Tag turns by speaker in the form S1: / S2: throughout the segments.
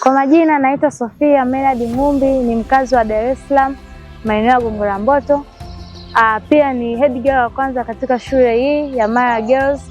S1: Kwa majina naitwa Sofia Menadi Ngumbi, ni mkazi wa Dar es Salaam, maeneo ya Gongo la Mboto. Ah, pia ni head girl wa kwanza katika shule hii ya Mara Girls.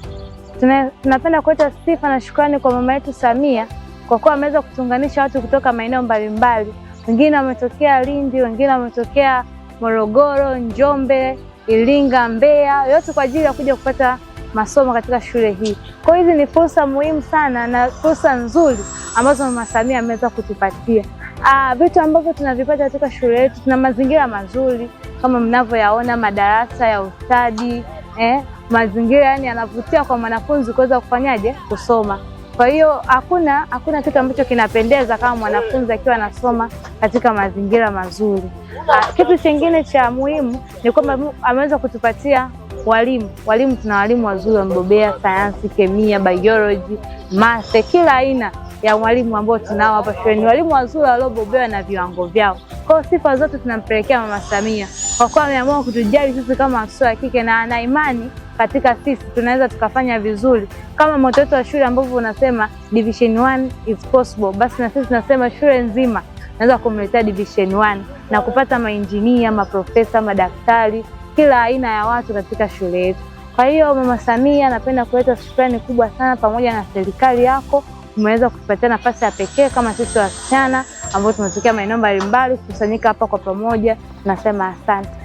S1: Tunapenda kuleta sifa na shukrani kwa mama yetu Samia kwa kuwa ameweza kutunganisha watu kutoka maeneo mbalimbali, wengine wametokea Lindi, wengine wametokea Morogoro, Njombe, Iringa, Mbeya, yote kwa ajili ya kuja kupata masomo katika shule hii. Kwa hizi ni fursa muhimu sana na fursa nzuri ambazo Mama Samia ameweza kutupatia. Ah, vitu ambavyo tunavipata katika shule yetu, tuna mazingira mazuri kama mnavyoyaona, madarasa ya ustadi eh, mazingira yani yanavutia kwa mwanafunzi kuweza kufanyaje kusoma. Kwa hiyo hakuna hakuna kitu ambacho kinapendeza kama mwanafunzi akiwa anasoma katika mazingira mazuri. Ah, kitu kingine cha muhimu ni kwamba ameweza kutupatia Walimu, walimu tuna walimu wazuri wamebobea sayansi, kemia, biology, mase, kila aina ya walimu ambao tunao hapa shuleni, walimu wazuri waliobobea na viwango vyao. Kwa hiyo sifa zote tunampelekea Mama Samia kwa kuwa ameamua kutujali sisi kama watoto wa kike na ana imani katika sisi tunaweza tukafanya vizuri kama moto wetu wa shule ambavyo unasema division 1 is possible, basi na sisi tunasema shule nzima naweza kumletea division 1 na kupata mainjinia, maprofesa, madaktari kila aina ya watu katika shule yetu. Kwa hiyo Mama Samia, napenda kuleta shukrani kubwa sana pamoja na serikali yako, umeweza kutupatia nafasi ya pekee kama sisi wasichana ambao tumetokea maeneo mbalimbali kukusanyika hapa kwa pamoja, nasema asante.